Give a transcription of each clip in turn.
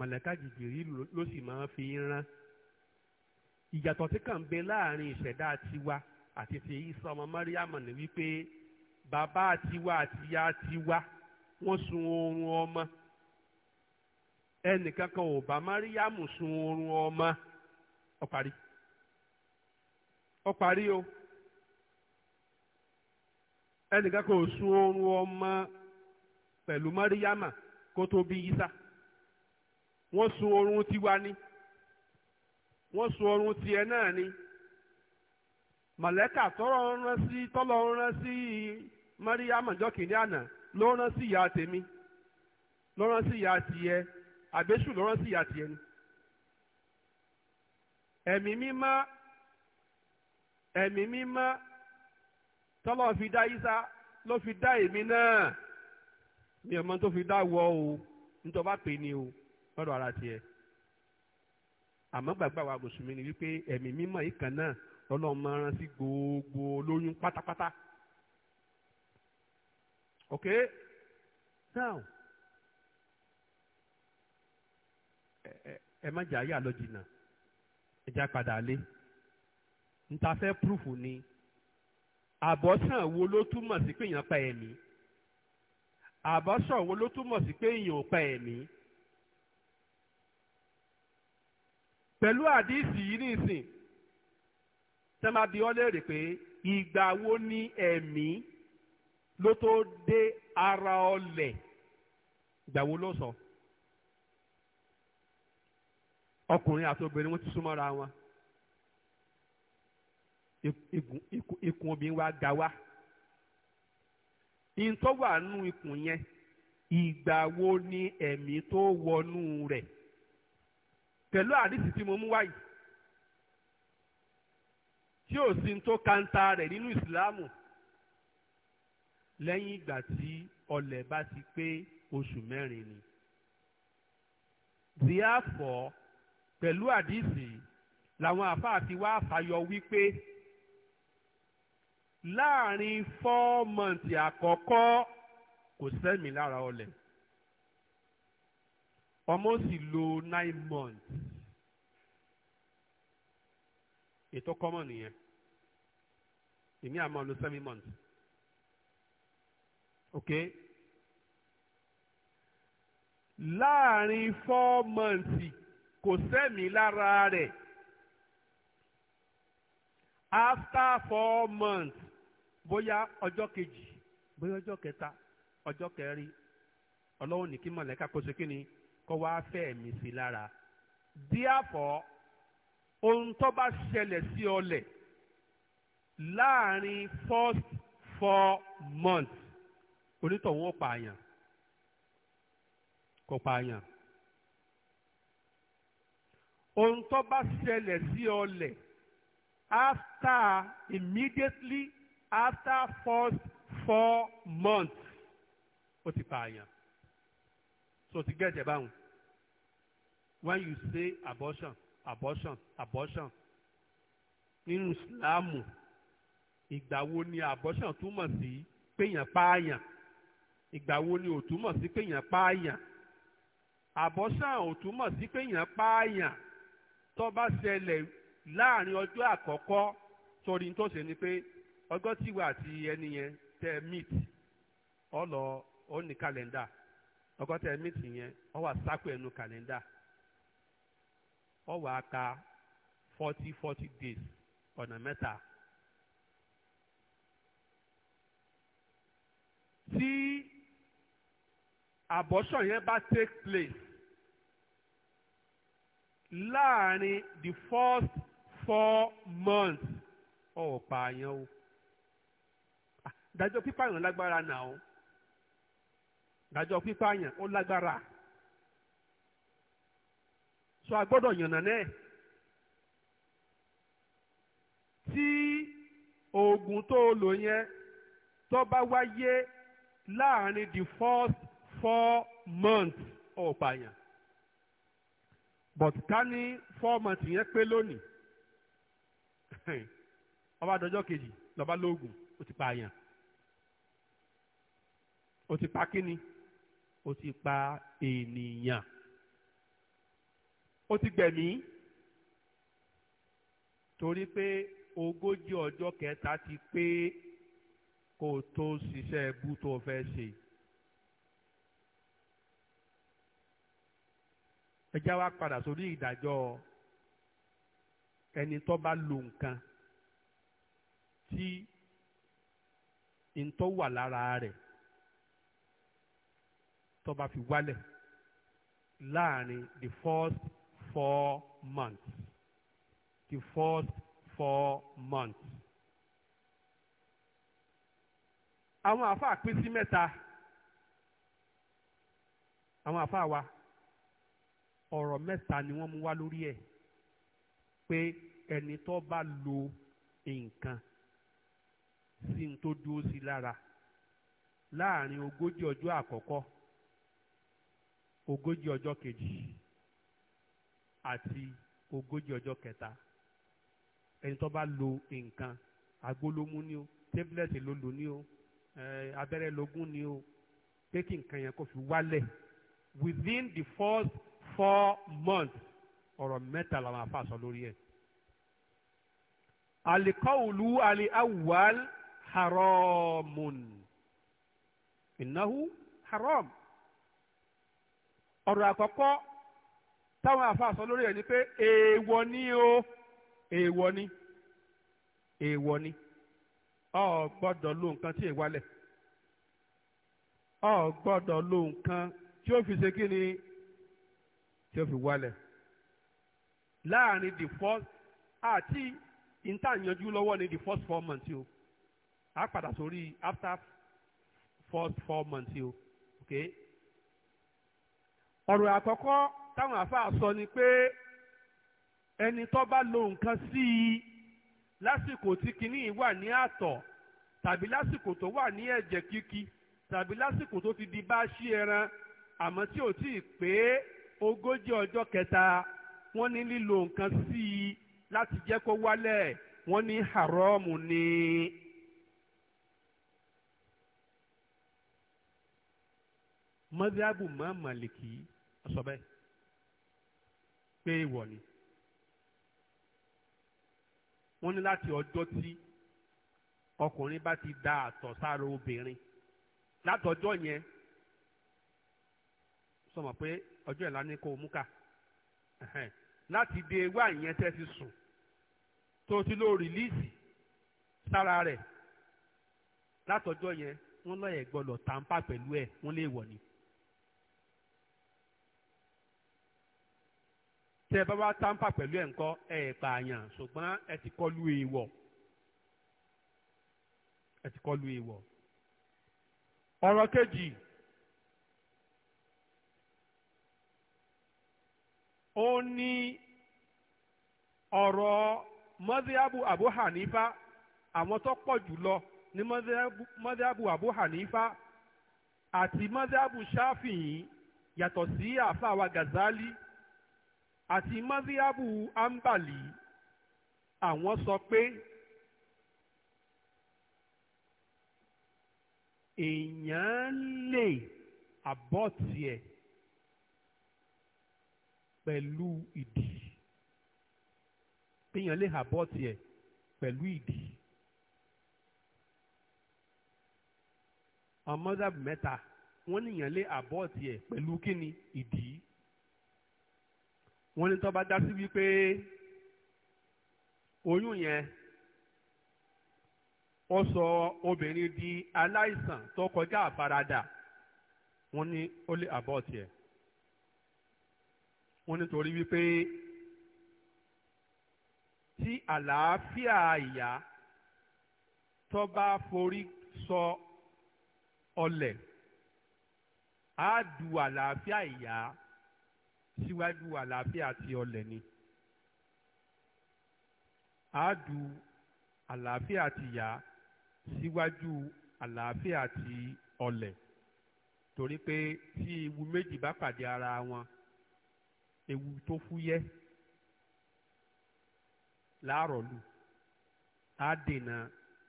màlẹ́kà jìjìrì ló sì máa fi ń rán ìyàtọ̀ tí kàn ń bẹ láàrin ìṣẹ̀dá tiwa àti ti Ìsá ọmọ Máríàmù ni wípé bàbá tiwa àti ya tiwa wọ́n sun oorun ọmọ ẹnìkankan ò bá sun oorun ọmọ ó parí ó parí o ò sun oorun ọmọ pẹ̀lú mariam kó tó bí Ìsá. wọ́n sun oorun tiwa ni wọ́n sun oorun tiẹ̀ náà ni mọ̀lẹ́kà tọ́lọ́ rán sí tọ́lọ́ rán sí Mariam ọjọ́ kìíní àná ló rán sí ìyá tèmi ló rán sí ìyá tiẹ̀ àbẹ́sù ló rán sí ìyá tiẹ̀ ni. ẹ̀mí mímọ́ ẹ̀mí mímọ́ tọ́lọ́ fi dá Ìsá ló fi dá èmi náà mi ò mọ tó fi dá wọ o nítorí bá pè ní o. lọ́dọ̀ ara tiẹ̀ àmọ́ gbàgbà wa mùsùlùmí ni wípé ẹ̀mí mímọ́ yìí kan náà lọ́lọ́run máa rán sí gbogbo olóyún pátápátá ok now ẹ má jà yà lọ jìnnà ẹ já padà lé níta fẹ́ púrúfù ni àbọ̀sàn wo ló túmọ̀ sí pé èèyàn pa ẹ̀mí àbọ̀sàn wo ló túmọ̀ sí pé èèyàn pa ẹ̀mí. pẹ̀lú àdíìsì yìí nìsín tẹ́ máa bi ọ́ léèrè pé ìgbà wo ni ẹ̀mí ló tó dé ara ọlẹ̀ ìgbà wo ló sọ ọkùnrin àti obìnrin wọn ti súnmọ́ra wọn ikùn obìnrin wa ga wá ìtọ́wà nù ikùn yẹn ìgbà wo ni ẹ̀mí tó wọnú rẹ̀. pẹ̀lú àdìsí tí mo mú wáyìí tí ò sí tó kanta rẹ̀ nínú ìsìláàmù lẹ́yìn ìgbà tí ọlẹ̀ bá ti pé oṣù mẹ́rin ni. díàfọ̀ pẹ̀lú àdìsí làwọn àfáà fi wá fàyọ wípé láàrin fọ́ọ̀mọ̀ntì àkọ́kọ́ kò sẹ́mi lára ọlẹ̀ ọmọ sì lò nine months ètò kọ́mọ̀ nìyẹn èmi àmọ́ lò seven months ok láàrin four months kò sẹ́mi lára rẹ̀ after four months bóyá ọjọ́ kejì bóyá ọjọ́ kẹta ọjọ́ kẹrin ọlọ́run ní kí mọ̀lẹ́ka kó ṣe kí ni kó wá fẹ́ mi sí lára díàfọ́ ohun tó bá ṣẹlẹ̀ sí ọlẹ̀ láàrin first four months onítọ̀hún ó pààyàn kò pààyàn ohun tó bá ṣẹlẹ̀ sí ọlẹ̀ after immediately after first four months ó ti pààyàn so ti gẹ̀ẹ́sẹ̀ báwọn when you say abortion abortion abortion nínú Islam, ìgbà wo ni abortion túmọ̀ sí péyàn pààyàn ìgbà wo ni ò túmọ̀ sí péyàn pààyàn abortion ò túmọ̀ sí péyàn pààyàn tó bá ṣẹlẹ̀ láàrin ọjọ́ àkọ́kọ́ sórí tó ṣe ni pé ọjọ́ tíwa àti ẹni yẹn tẹ meet ọ lọ ó ní kàlẹ́ndà ọgọ́ tẹ meet yẹn ọ wà sápò ẹnu kàlẹ́ndà ọ wàá ka forty forty days ọ̀nà mẹ́ta. tí abortion yẹn bá take place láàrin the first four months ọ̀ pààyàn o ah, dájọ́ pípààyàn lágbára náà o dájọ́ pípààyàn ó lágbára so a gbọ́dọ̀ yànnà náà tí oògùn tó o lò yẹn tó bá wáyé láàrin the first four months ọ̀pààyàn but ká ní four months yẹn pé lónìí ọba àdọ́jọ́ kejì lọ́ba lóògùn ó ti pààyàn ó ti pa kíni ó ti pa ènìyàn. E ó ti gbẹ̀mí torí pé ogójì ọjọ́ kẹta ti pé kó o tó ṣiṣẹ́ ẹbú tó o fẹ́ ṣe. ẹ wa padà sórí ìdájọ́ ẹni tó bá lo nǹkan tí ntọ́ wà lára rẹ̀ tó bá fi wálẹ̀ láàrin the first four months. The first four months. Àwọn àfáà pín sí mẹ́ta. Àwọn àfáà wa ọ̀rọ̀ mẹ́ta ni wọ́n mú wá lórí ẹ̀ pé ẹni tó bá lo nǹkan sí ní tó dúró sí lára láàrin ogójì ọjọ́ àkọ́kọ́ ogójì ọjọ́ kejì. àti ogójì ọjọ́ kẹta ẹni tó bá lo nǹkan àgbo ni o tébílẹ̀tì ló lò ní o abẹ́rẹ́ lógún ni o pé kí nǹkan yẹn kó fi wálẹ̀ within the first four months ọ̀rọ̀ mẹ́ta làwọn afa sọ lórí ẹ̀. alikawulu ali awwal haramun innahu haram ọ̀rọ̀ àkọ́kọ́ táwọn àáfàá sọ lórí ẹ̀ ni pé èèwọ̀ ni o èèwọ̀ ni èèwọ̀ ni ọ gbọ́dọ̀ lo nǹkan tí èèwalẹ̀ ọ gbọ́dọ̀ lo nǹkan tí ó fi ṣe kí ni tí ó fi wálẹ̀ láàrin the first àti ìntàyànjú lọ́wọ́ ni the first four months o a padà sórí after first four months o ok ọ̀rọ̀ àkọ́kọ́ táwọn àfáà sọ ni pé ẹni tó bá lo nǹkan sí i lásìkò tí kinní wà ní àtọ̀ tàbí lásìkò tó wà ní ẹ̀jẹ̀ kíkí tàbí lásìkò tó ti di bá ṣí ẹran àmọ́ tí ò tí ì pé ogójì ọjọ́ kẹta wọ́n ní lílo nǹkan sí i láti jẹ́ kó wálẹ̀ wọ́n ní haramu ni. mọ́díábù mọ́ màlìkì ọ̀sọ̀ bẹ́ẹ̀. pé èèwọ̀ ni wọ́n ní láti ọjọ tí ọkùnrin bá ti da àtọ̀ sára obìnrin ọjọ yẹn sọmọ pé ọjọ ìlànà ni kò mú kà láti de ewé àyẹn tẹ́ ti sùn tó ti lọ rìlíìsì sára láti ọjọ yẹn wọ́n yẹ gbọ́dọ̀ tàǹpà pẹ̀lú ẹ̀ wọn lè wọ ni. tẹ́ ẹ bá wá táǹpà pẹ̀lú ẹ̀ ńkọ́ ẹ̀ ẹ̀ pààyàn ṣùgbọ́n ẹ ti kọlu èèwọ̀ ẹ ti kọlu èèwọ̀. ọ̀rọ̀ kejì ó ní ọ̀rọ̀ mọ́díábù Abu Hanifa àwọn tó pọ̀ jù lọ ní mọ́díábù Abu Hanifa àti mọ́díábù Ṣáfìyí yàtọ̀ sí àfáà wa Gazali àti mọ́síábù ámbàlì àwọn sọ pé èèyàn lè àbọ̀tì ẹ̀ pẹ̀lú ìdí èèyàn lè àbọ̀tì ẹ̀ pẹ̀lú ìdí. ọmọdé wọ́n níyàn lè àbọ̀tì ẹ̀ pẹ̀lú kíni ìdí wọ́n ní tó bá dá sí wípé oyún yẹn ó sọ obìnrin di aláìsàn tó kọjá àfaradà wọ́n ní ó lè abort ẹ̀ wọ́n nítorí wípé tí àlàáfíà ìyá tó bá forí sọ ọlẹ̀ á du àlàáfíà ìyá síwájú àlàáfíà àti ọlẹ̀ ni àádù àlàáfíà àti ìyá síwájú àlàáfíà àti ọlẹ̀ torí pé tí ewu méjì bá pàdé ara wọn ewu tó fúyẹ́ láàrọ̀ lù á dènà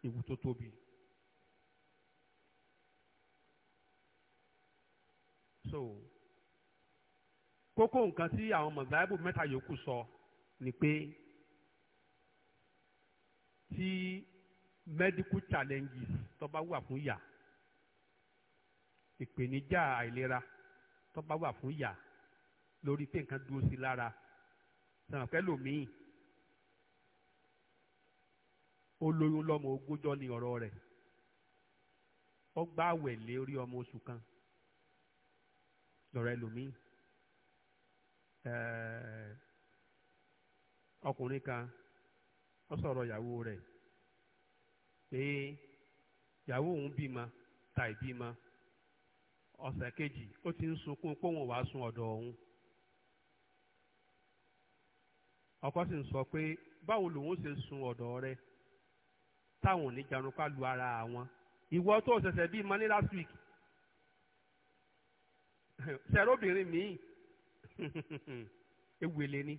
ewu tó tóbi. so kókó nǹkan tí àwọn mọ̀záìbù mẹ́ta yòókù sọ ni pé tí medical challenges tó bá wà fún ìyá ìpèníjà àìlera tó bá wà fún ìyá lórí pé nǹkan dúró sí lára sàn fẹ́ lòmíì ó lóyún lọ́mọ ogójọ́ ni ọ̀rọ̀ rẹ̀ ó gbààwẹ̀ lé orí ọmọ oṣù kan lọ́rọ̀ ẹlòmíì. Eh, ọkùnrin kan ó sọ̀rọ̀ ìyàwó rẹ̀ pé ìyàwó òun bímọ ta ìbímọ ọ̀sẹ̀ kejì ó ti ń sunkún póun wàá sun ọ̀dọ̀ òun ọkọ sì ń sọ pé báwo lòun ṣe sun ọ̀dọ̀ rẹ táwọn ò ní janupá lu ara àwọn ìwọ tó ṣẹ̀ṣẹ̀ bímọ ní last week ṣẹ̀rọ̀bìnrin míì ewele ni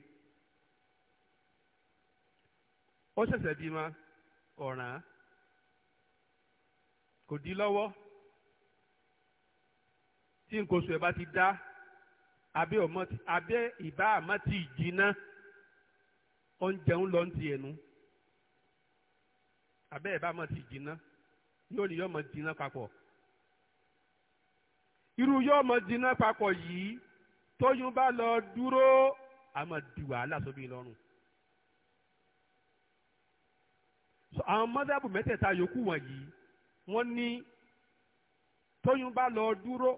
ó ṣẹ̀ṣẹ̀ bímọ ọ̀ràn kò dí lọ́wọ́ tí nǹkan oṣù ẹ̀ bá ti dá abẹ́ ìbá àmọ́ ti jìnnà ó ń jẹun lọ́n ti ẹ̀nu abẹ́ ìbá àmọ́ ti jìnnà yóò ní yọ́mọ jìnnà papọ̀ irú yọ́mọ jìnnà papọ̀ yìí tóyún bá lọ dúró àmọ́ di wàhálà sóbì lọ́rùn. àwọn mọ́dàbù mẹ́tẹ̀ẹ̀ta yòókù wọ̀nyí wọ́n ní tóyún bá lọ dúró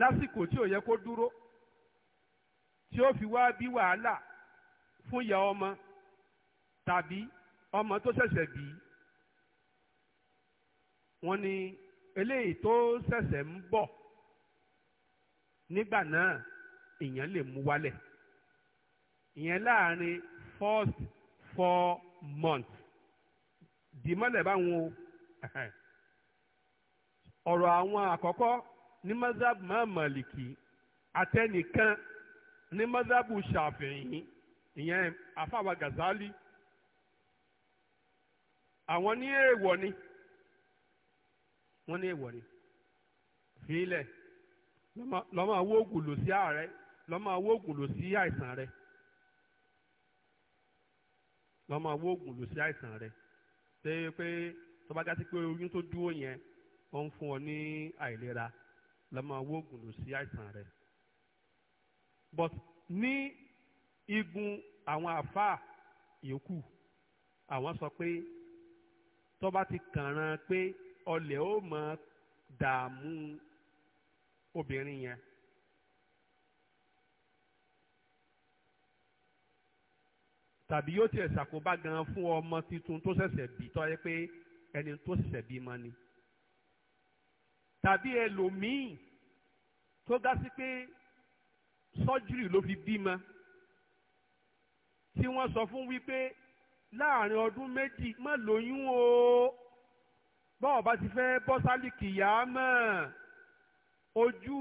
lásìkò tí ò yẹ kó dúró tí ó fi wá bí wàhálà fún ìyá ọmọ tàbí ọmọ tó ṣẹ̀ṣẹ̀ bí wọ́n ní eléyìí tó ṣẹ̀ṣẹ̀ ń bọ̀ nígbà náà èèyàn lè mú wálẹ̀ ìyẹn láàrin first four months dìímọ̀lẹ̀ báwọn o ọ̀rọ̀ àwọn àkọ́kọ́ ní mọ́sáàbù máa màlìkì àtẹnìkan ní mọ́sáàbù ṣàfihàn ìyẹn àfàwà gàzálì àwọn ní èèwọ̀ ni wọ́n ní èèwọ̀ ni fílẹ̀ lọ́mọ awó oògùn lò sí ààrẹ lọ́mọ awó oògùn lò sí àìsàn rẹ lọ́mọ awó oògùn lò sí àìsàn rẹ ṣé pé tó bá jásí pé oyún tó dúró yẹn ó ń fún ọ ní àìlera lọ́mọ awó oògùn lò sí àìsàn rẹ but ní igun àwọn àfáà yòókù àwọn sọ pé tó bá ti kàn án pé ọlẹ̀ ó mọ dààmú obìnrin yẹn. tàbí yóò tiẹ̀ ṣàkóbá gan fún ọmọ tuntun tó ṣẹ̀ṣẹ̀ bí tó yẹ pé ẹni tó ṣẹ̀ṣẹ̀ bí mọ́ ni. tàbí ẹlòmíì tó dá sí pé sọ́júrì ló fi bímọ tí wọ́n sọ fún wípé láàrin ọdún méjì má lóyún o bọ́ọ̀ bá ti fẹ́ bọ́ sálíkì yá mọ́. ojú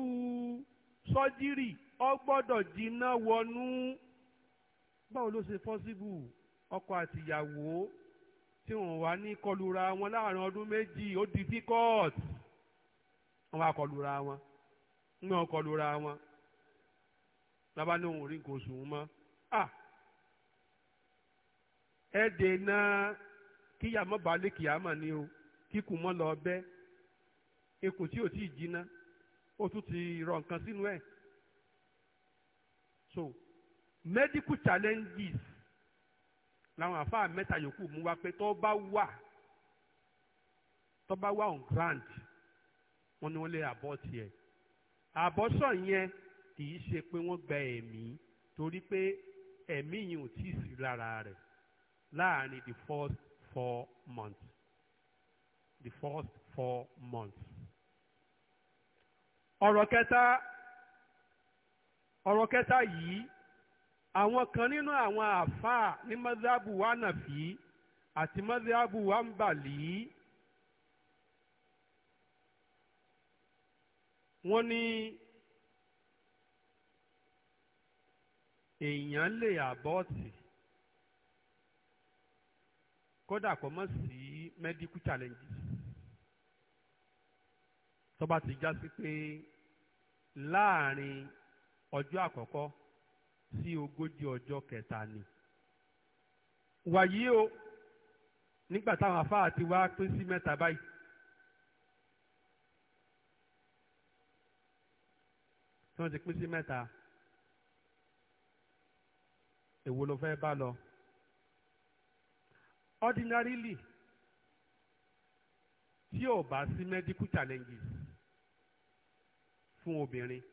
sọ́jírì ọ gbọ́dọ̀ jiná wọnú báwo ló ṣe pọ́síbù ọkọ àtìyàwó tí wọ́n wá ní kọlura wọn láàrin ọdún méjì ó di difficult wọ́n wá kọlura wọn ní wọ́n kọlura wọn lábá ní òun rí nǹkan oṣù mọ́ ẹ dènà kíyàmọ́ balẹ̀ kíyàmọ́ ni o kíkùn mọ́ lọ bẹ́ ikùn tí ò tí ì jiná. ó tún ti rọ nǹkan sínú ẹ̀ so medical challenges làwọn àfáà mẹ́ta yòókù mú wá pé tó bá wà tó bá wà on grant. wọ́n ní wọ́n lé abort yẹn abortion yẹn kì í ṣe pé wọ́n gba ẹ̀mí torí pé ẹ̀mí yìí ò tíì sí lára rẹ̀ láàrin the first four months the first four months ọ̀rọ̀ kẹta yìí àwọn kan nínú àwọn àáfàá ní mọ́sáàbù wa nàfí àti mọ́sáàbù wa ń bàlí wọ́n ní èèyàn lè àbọ́ọ̀tì kódà kò mọ̀ sí medical challenges. tó bá ti já sí pé láàrin ọjọ́ àkọ́kọ́ sí ogójì ọjọ́ kẹta ni. wàyí o nígbà táwọn afáà ti wá pín sí mẹ́ta báyìí. tí wọ́n ti pín sí mẹ́ta èwo ló fẹ́ bá lọ. ordinarily tí ò bá sí medical challenges fún obìnrin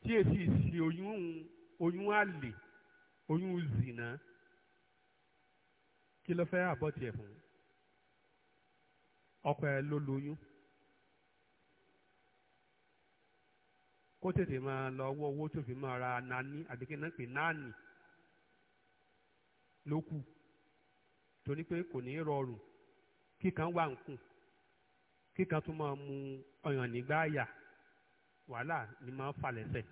tí èsì ìsì oyún oyún àlè oyún zìnà kí ló fẹ́ àbọ̀tì ẹ̀ fún ọkọ ẹ ló lóyún kó tètè máa lọ wọ owó tó fi máa ra nání àbíkẹ́ náà pè náàní ló kù torí pé kò ní rọrùn kíkan wà ń kùn kíkan tó máa mu ọyàn nígbà àyà wàhálà ni máa fà lẹ́sẹ̀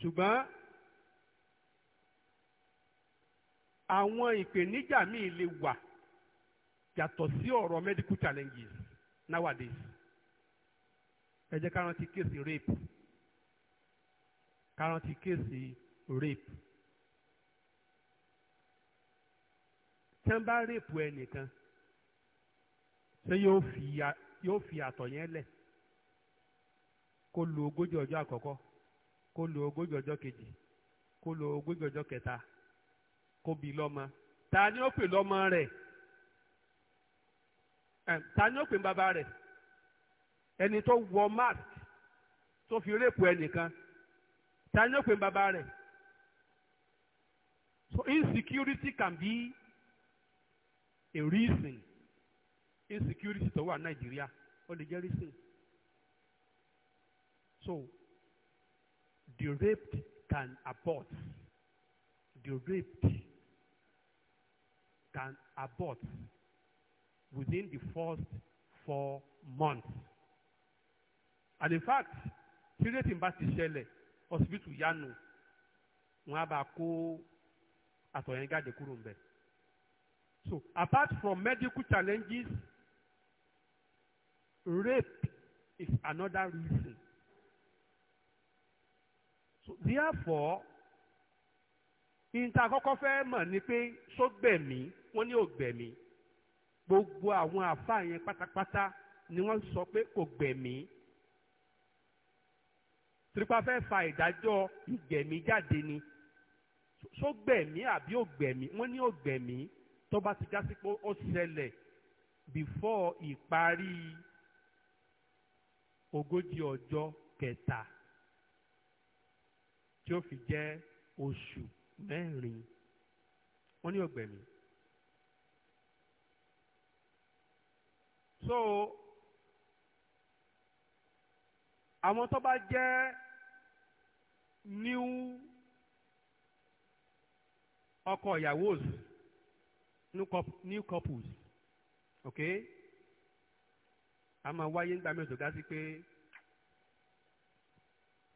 ṣùgbọ́n àwọn ìpèníjà míì lè wà yàtọ̀ sí ọ̀rọ̀ medical challenges nowadays ẹ jẹ́ ká rántí kéèsì rape ká rántí kéèsì rape tí wọ́n bá rèpù ẹnìkan ṣé yóò fi àtọ̀ yẹn lẹ̀ kó lo ogójì ọjọ́ àkọ́kọ́ kó lo ogójì ọjọ́ kejì kó lo ogójì ọjọ́ kẹta kó bí lọ́mọ ta ni ó pè lọ́mọ rẹ̀ ta ni ó pè bàbá rẹ̀ ẹni tó wọ mask tó fi rèpù ẹnìkan ta ni ó pè bàbá rẹ̀ so insecurity can be a reason insecurity to wà Nigeria? ó lè jẹ́ reason so the raped can abort the raped can abort within the first four months and in fact tí rating bá ti ṣẹlẹ̀ hospital yánu wọn á bá kó àtọ̀yẹn kúrò ń bẹ̀. So apart from medical challenges, rape is another reason. So therefore, nta kọ́kọ́ fẹ́ mọ̀ ni pé sógbẹ̀mí wọ́n ní ògbẹ̀mí gbogbo àwọn àfáà yẹn pátápátá ni wọ́n sọ pé kò gbẹ̀mí tìrìpá fẹ́ fa ìdájọ́ ìgbẹ̀mí jáde ni sógbẹ̀mí àbí ògbẹ̀mí wọ́n ní ògbẹ̀mí. So, tó bá ti já sí pé ó ṣẹlẹ̀ before ìparí ogójì ọjọ́ kẹta tí ó fi jẹ́ oṣù mẹ́rin wọ́n ní ọ̀gbẹ̀mí. so àwọn tó bá jẹ́ new ọkọ ìyàwó òsì new couples ok a máa wáyé nígbà mẹ́tò gá sí pé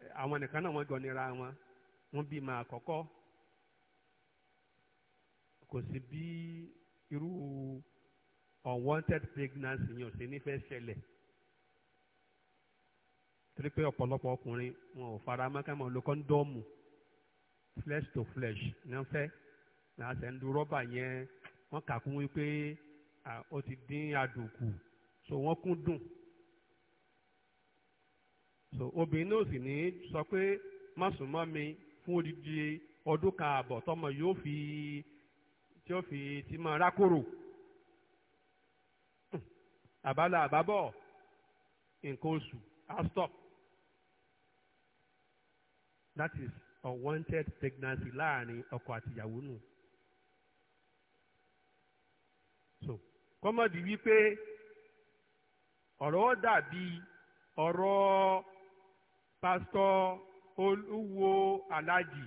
eh, àwọn nìkan náà wọ́n jọ nira wọn wọ́n bí máa kọ́kọ́ kò sí bí irú unwanted pregnancy yẹn ò sí nífẹ̀ẹ́ ṣẹlẹ̀ torí pé ọ̀pọ̀lọpọ̀ ọkùnrin wọn ò fara mọ́ ká máa lo kọ́ńdọ́ọ̀mù flesh to flesh ní wọ́n fẹ́ làásẹ̀ ń rọ́bà yẹn wọ́n kà wípé ó ti dín adùn so wọ́n kún dùn so obìnrin náà sì ní sọ pé má sùn mọ́ mi fún odidi ọdún kan àbọ̀ tọmọ yóò fi tí ó fi ti máa rákòrò hmm. àbálà àbábọ̀ nǹkan oṣù á stop that is unwanted pregnancy láàrin ọkọ àtìyàwó nù. No kọ́mọ̀dì wípé ọ̀rọ̀ dàbí ọ̀rọ̀ pásítọ̀ olúwo alájì